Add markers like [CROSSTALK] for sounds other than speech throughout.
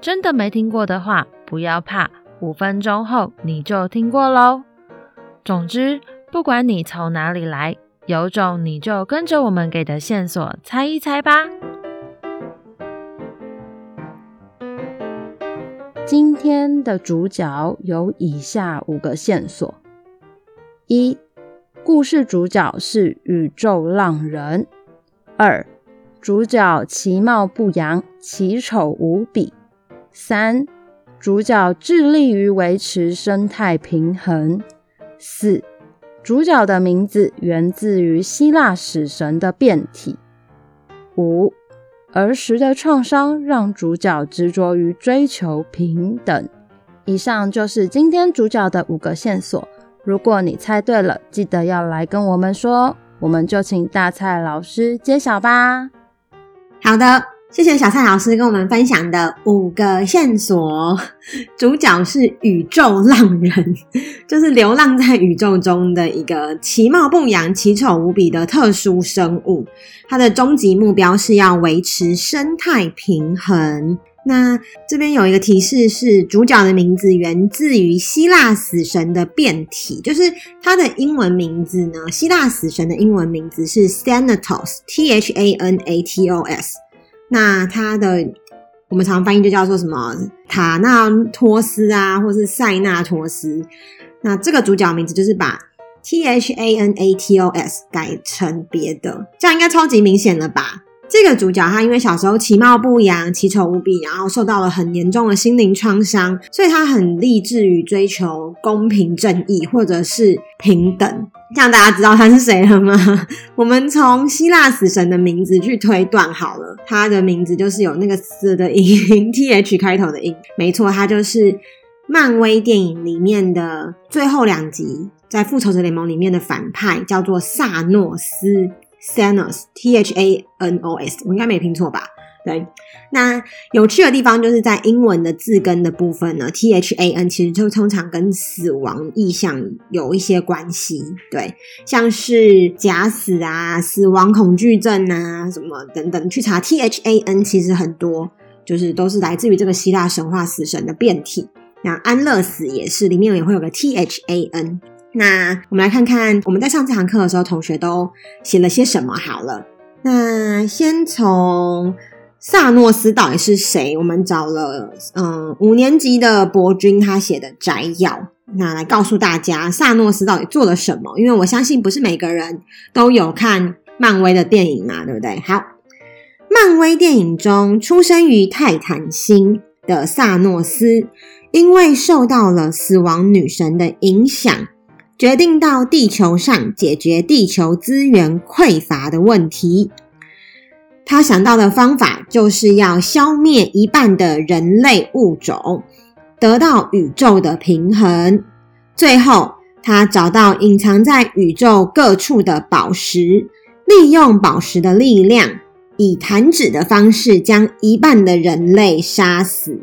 真的沒聽過的話，不要怕，五分鐘後你就聽過嘍。總之，不管你從哪裡來，有種你就跟着我們給的線索猜一猜吧。今天的主角有以下五個線索：一、故事主角是宇宙浪人；二、主角其貌不揚，奇醜無比。三，主角致力於維持生態平衡。四，主角的名字源自於希臘死神的變體。五，兒時的創傷讓主角執着於追求平等。以上就是今天主角的五個線索。如果你猜對了，記得要來跟我們說。我們就請大蔡老師揭曉吧。好的。謝謝小蔡老師跟我們分享的五個線索。主角是宇宙浪人，就是流浪在宇宙中的一個其貌不揚、奇醜無比的特殊生物。他的終極目標是要維持生態平衡。那這邊有一個提示是，主角的名字源自於希臘死神的變體，就是他的英文名字呢？希臘死神的英文名字是 Thanatos，T H A N A T O S。那他的，我們常翻譯就叫做什麼塔納托斯啊，或是塞納托斯。那這個主角名字就是把 T H A N A T O S 改成別的，這樣應該超級明顯了吧？這個主角他因為小時候其貌不揚、奇醜無比，然後受到了很嚴重的心靈創傷，所以他很立志於追求公平正義或者是平等。這樣大家知道他是誰了嗎？我們從希臘死神的名字去推斷好了，他的名字就是有那個死“死”的音，T H 開頭的音，沒錯，他就是漫威電影裡面的最後兩集在復仇者聯盟裡面的反派，叫做薩諾斯。Thanos，T H A N O S，我應該沒聽錯吧？對，那有趣的地方就是在英文的字根的部分呢。T H A N 其實就通常跟死亡意象有一些關係，對，像是假死啊、死亡恐懼症啊什麼等等，去查 T H A N 其實很多就是都是來自於這個希臘神話死神的變體，那安樂死也是，裡面也會有個 T H A N。那我們來看看我們在上這堂課的時候，同學都寫了些什麼。好了，那先從薩諾斯到底是誰？我們找了嗯五年級的博君他寫的摘要，那來告訴大家薩諾斯到底做了什麼。因為我相信不是每個人都有看漫威的電影嘛，對不對？好，漫威電影中出生於泰坦星的薩諾斯，因為受到了死亡女神的影響。決定到地球上解決地球資源匱乏的問題。他想到的方法就是要消滅一半的人類物種，得到宇宙的平衡。最後，他找到隱藏在宇宙各處的寶石，利用寶石的力量，以彈指的方式將一半的人類殺死。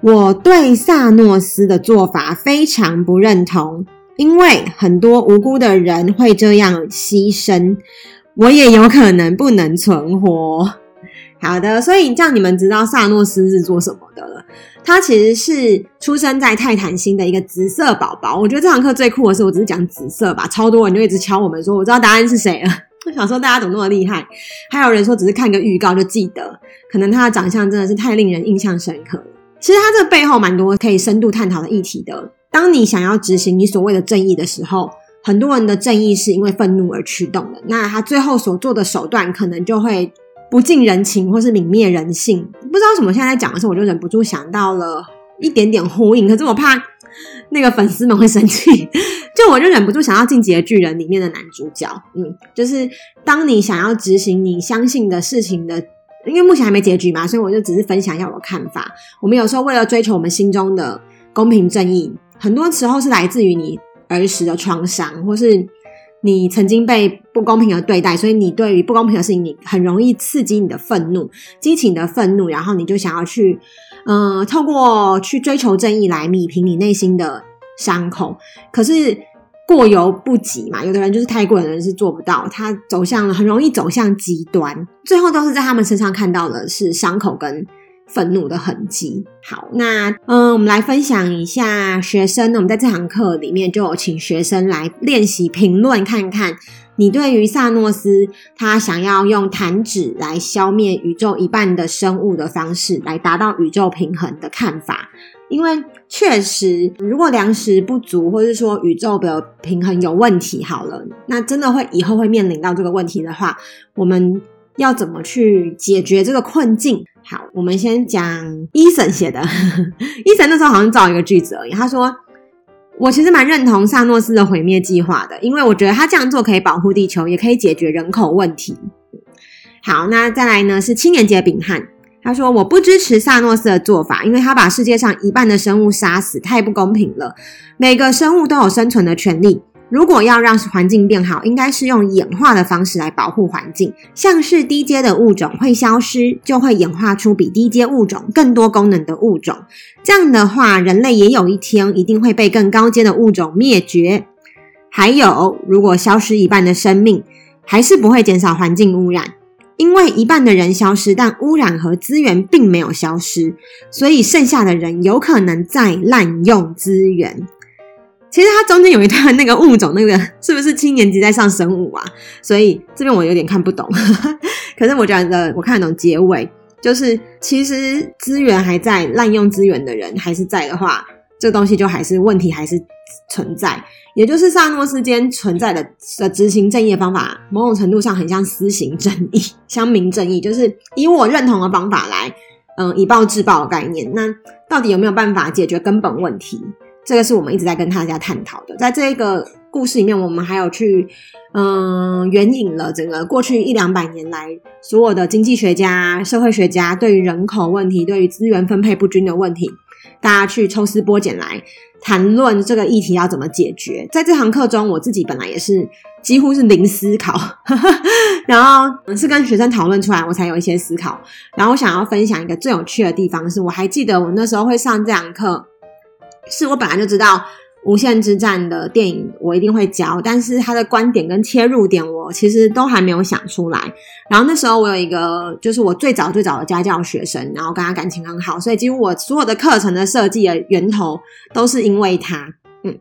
我對薩諾斯的做法非常不認同。因為很多無辜的人會這樣犧牲，我也有可能不能存活。好的，所以這樣你們知道薩諾斯是做什麼的了。他其實是出生在泰坦星的一個紫色寶寶。我覺得這堂課最酷的是，我只是講紫色吧，超多人就一直敲我們說，我知道答案是誰了。我想說，大家怎麼那麼厲害，還有人說只是看個預告就記得，可能他的長相真的是太令人印象深刻了。其實他這背後蠻多可以深度探討的議題的。當你想要執行你所謂的正義的時候，很多人的正義是因為憤怒而驅動的。那他最後所做的手段可能就會不近人情，或是泯滅人性。不知道為什麼現在，在講的時候，我就忍不住想到了一點點呼應。可是我怕那個粉絲們會生氣，就我就忍不住想要進擊的巨人裡面的男主角。嗯，就是當你想要執行你相信的事情的，因為目前還沒結局嘛，所以我就只是分享一下我的看法。我們有時候為了追求我們心中的公平正義。很多時候是來自於你兒時的創傷，或是你曾經被不公平的對待，所以你對於不公平的事情，你很容易刺激你的憤怒、激起你的憤怒，然後你就想要去，呃，透過去追求正義來彌平你內心的傷口。可是過猶不及嘛，有的人就是太過，有的人是做不到，他走向了，很容易走向極端，最後都是在他們身上看到的是傷口跟。憤怒的痕迹。好，那嗯，我們來分享一下學生。我們在這堂課裡面就有請學生來練習評論，看看你對於薩諾斯他想要用彈指來消滅宇宙一半的生物的方式來達到宇宙平衡的看法。因為確實，如果糧食不足，或是說宇宙的平衡有問題，好了，那真的會以後會面臨到這個問題的話，我們。要怎麼去解決這個困境？好，我們先講伊森寫的。伊 [LAUGHS] 森那時候好像造一個句子而已。他說：“我其實蠻認同薩諾斯的毀滅計劃的，因為我覺得他這樣做可以保護地球，也可以解決人口問題。”好，那再來呢是青年節秉翰。他說：“我不支持薩諾斯的做法，因為他把世界上一半的生物殺死，太不公平了。每個生物都有生存的權利。”如果要讓環境變好，應該是用演化的方式來保護環境。像是低階的物種會消失，就會演化出比低階物種更多功能的物種。這樣的話，人類也有一天一定會被更高階的物種滅絕。還有，如果消失一半的生命，還是不會減少環境污染，因為一半的人消失，但污染和資源並沒有消失，所以剩下的人有可能再濫用資源。其實它中間有一段那個物種，那個是不是七年級在上生物啊？所以這邊我有點看不懂。哈哈。可是我覺得我看得懂結尾，就是其實資源還在，濫用資源的人還是在的話，這東西就還是問題還是存在。也就是薩諾斯間存在的的執行正義的方法，某種程度上很像私刑正義、鄉民正義，就是以我認同的方法來，嗯、呃，以暴制暴的概念。那到底有沒有辦法解決根本問題？這個是我們一直在跟大家探討的，在這個故事裡面，我們還有去嗯，援引了整個過去一兩百年來所有的經濟學家、社會學家對於人口問題、對於資源分配不均的問題，大家去抽絲剝繭來談論這個議題要怎麼解決。在這堂課中，我自己本來也是幾乎是零思考， [LAUGHS] 然後是跟學生討論出來，我才有一些思考。然後我想要分享一個最有趣的地方，是我還記得我那時候會上這堂課，是我本來就知道《無限之戰》的電影，我一定會教，但是他的觀點跟切入點，我其實都還沒有想出來。然後那時候我有一個，就是我最早最早的家教學生，然後跟他感情很好，所以幾乎我所有的課程的設計的源頭都是因為他，嗯，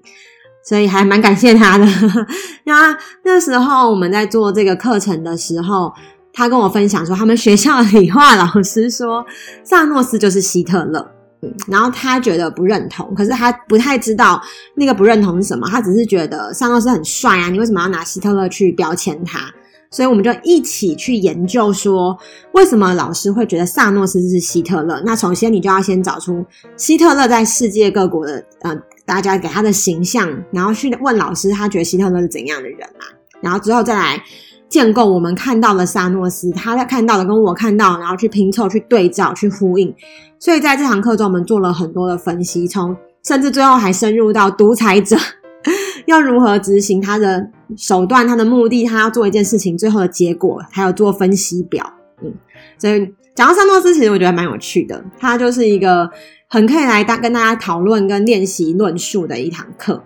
所以還蠻感謝他的。 [LAUGHS] 那那時候我們在做這個課程的時候，他跟我分享說，他們學校的理化老師說，薩諾斯就是希特勒。嗯、然後他覺得不認同，可是他不太知道那個不認同是什麼，他只是覺得薩諾斯很帥啊，你為什麼要拿希特勒去標籤他？所以我們就一起去研究說，為什麼老師會覺得薩諾斯是希特勒？那首先你就要先找出希特勒在世界各國的，嗯、呃，大家給他的形象，然後去問老師，他覺得希特勒是怎樣的人嘛、啊？然後之後再來。建構我們看到的沙諾斯，他在看到的跟我看到，然後去拼湊、去對照、去呼應。所以在這堂課中，我們做了很多的分析，從甚至最後還深入到獨裁者 [LAUGHS] 要如何執行他的手段、他的目的、他要做一件事情最後的結果，還有做分析表。嗯，所以講到沙諾斯，其實我覺得蠻有趣的，他就是一個很可以來跟大家討論跟練習論述的一堂課。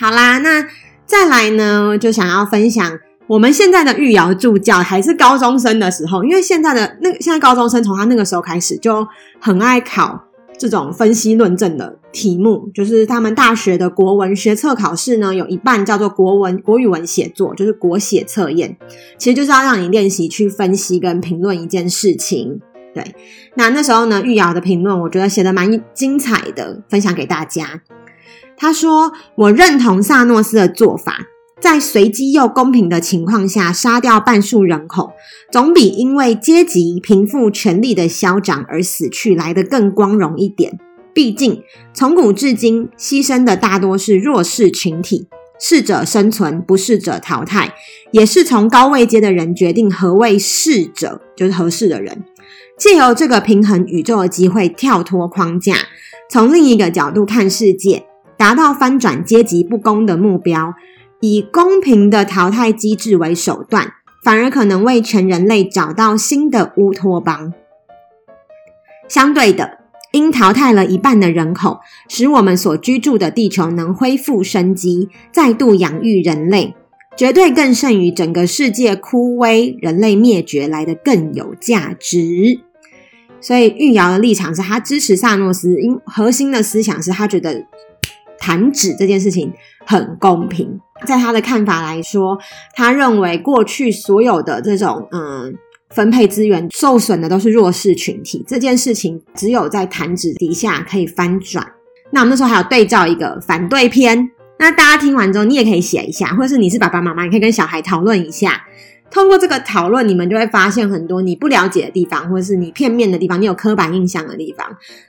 好啦，那再來呢，就想要分享。我們現在的玉瑤助教還是高中生的時候，因為現在的那現在高中生從他那個時候開始就很愛考這種分析論證的題目，就是他們大學的國文學測考試呢，有一半叫做國文國語文寫作，就是國寫測驗，其實就是要讓你練習去分析跟評論一件事情。對，那那時候呢，玉瑤的評論我覺得寫得蠻精彩的，分享給大家。他說：“我認同薩諾斯的做法。”在隨機又公平的情況下，殺掉半數人口，總比因為階級貧富權力的消長而死去來得更光榮一點。畢竟從古至今，犧牲的大多是弱勢群體。適者生存，不適者淘汰，也是從高位階的人決定何為適者，就是合適的人。借由這個平衡宇宙的機會，跳脫框架，從另一個角度看世界，達到翻轉階級不公的目標。以公平的淘汰機制為手段，反而可能為全人類找到新的烏托邦。相對的，因淘汰了一半的人口，使我們所居住的地球能恢復生機，再度養育人類，絕對更勝於整個世界枯萎、人類滅絕來得更有價值。所以，玉瑤的立場是他支持薩諾斯，因核心的思想是他覺得彈指這件事情很公平。在他的看法來說，他認為過去所有的這種嗯，分配資源受損的都是弱勢群體，這件事情只有在彈指底下可以翻轉。那我們那時候還有對照一個反對篇，那大家聽完之後，你也可以寫一下，或者是你是爸爸媽媽，你可以跟小孩討論一下。通過這個討論，你們就會發現很多你不了解的地方，或者是你片面的地方，你有刻板印象的地方，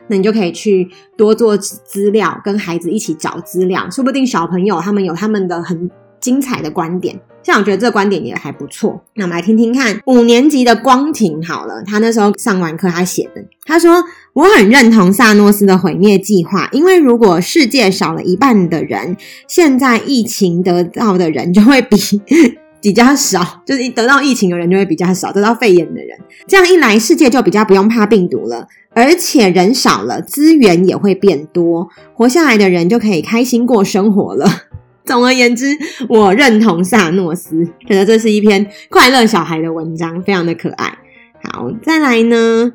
那你就可以去多做資料，跟孩子一起找資料，說不定小朋友他們有他們的很精彩的觀點。像我覺得這個觀點也還不錯，那我們來聽聽看五年級的光庭好了，他那時候上完課他寫的，他說我很認同薩諾斯的毀滅計劃，因為如果世界少了一半的人，現在疫情得到的人就會比。 [LAUGHS] 比較少，就是一得到疫情的人就會比較少，得到肺炎的人，這樣一來，世界就比較不用怕病毒了，而且人少了，資源也會變多，活下來的人就可以開心過生活了。總而言之，我認同薩諾斯，覺得這是一篇快樂小孩的文章，非常的可愛。好，再來呢，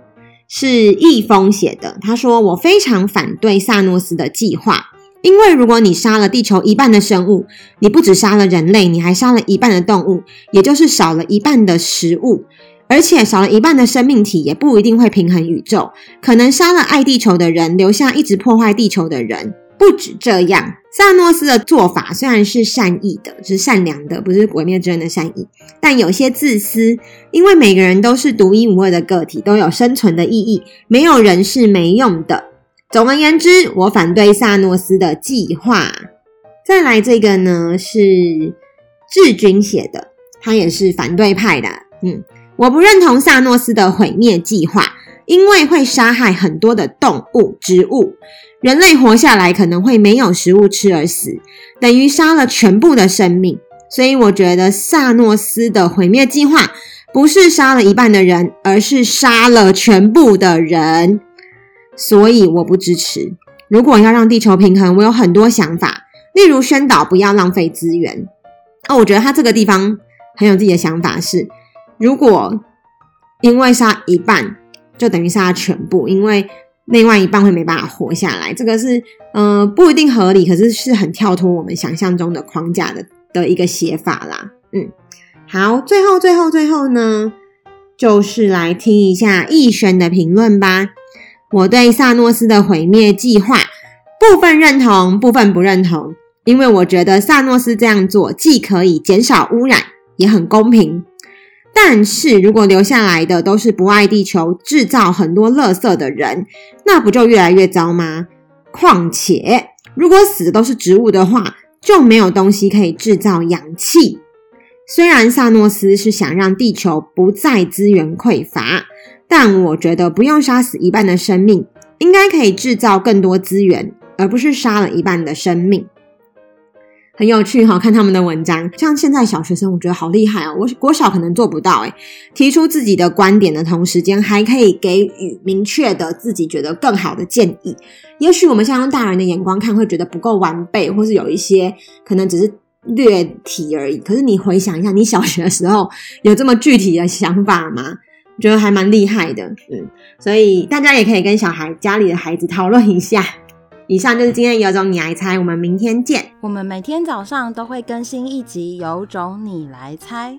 是易峰寫的，他說我非常反對薩諾斯的計劃。因為如果你殺了地球一半的生物，你不止殺了人類，你還殺了一半的動物，也就是少了一半的食物，而且少了一半的生命體，也不一定會平衡宇宙。可能殺了愛地球的人，留下一直破壞地球的人。不止這樣，薩諾斯的做法雖然是善意的，是善良的，不是毀滅之人的善意，但有些自私。因為每個人都是獨一無二的個體，都有生存的意義，沒有人是沒用的。總而言之，我反對薩諾斯的計劃。再來這個呢，是志軍寫的，他也是反對派的。嗯，我不認同薩諾斯的毀滅計劃，因為會殺害很多的動物、植物，人類活下來可能會沒有食物吃而死，等於殺了全部的生命。所以我覺得薩諾斯的毀滅計劃不是殺了一半的人，而是殺了全部的人。所以我不支持。如果要讓地球平衡，我有很多想法，例如宣導不要浪費資源。哦，我覺得他這個地方很有自己的想法是，是如果因為殺一半，就等於殺他全部，因為另外一半會沒辦法活下來。這個是嗯、呃、不一定合理，可是是很跳脫我們想象中的框架的的一個寫法啦。嗯，好，最後最後最後呢，就是來聽一下易軒的評論吧。我對薩諾斯的毀滅計劃部分認同，部分不認同。因為我覺得薩諾斯這樣做既可以減少污染，也很公平。但是如果留下來的都是不愛地球、制造很多垃圾的人，那不就越來越糟嗎？況且，如果死的都是植物的話，就沒有東西可以製造氧氣。雖然薩諾斯是想讓地球不再資源匱乏。但我覺得不用殺死一半的生命，應該可以制造更多資源，而不是殺了一半的生命。很有趣哈，看他們的文章，像現在小學生，我覺得好厲害啊！我國小可能做不到欸，提出自己的觀點的同時間，還可以給予明確的自己覺得更好的建議。也許我們現在用大人的眼光看，會覺得不夠完備，或是有一些可能只是略提而已。可是你回想一下，你小學的時候有這麼具體的想法嗎？覺得還蠻厲害的，嗯，所以大家也可以跟小孩、家裡的孩子討論一下。以上就是今天《有種你來猜》，我們明天見。我們每天早上都會更新一集《有種你來猜》，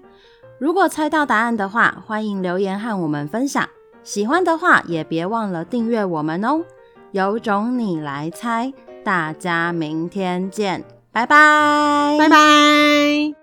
如果猜到答案的話，歡迎留言和我們分享。喜歡的話也別忘了訂閱我們哦、喔。《有種你來猜》，大家明天見，拜拜，拜拜。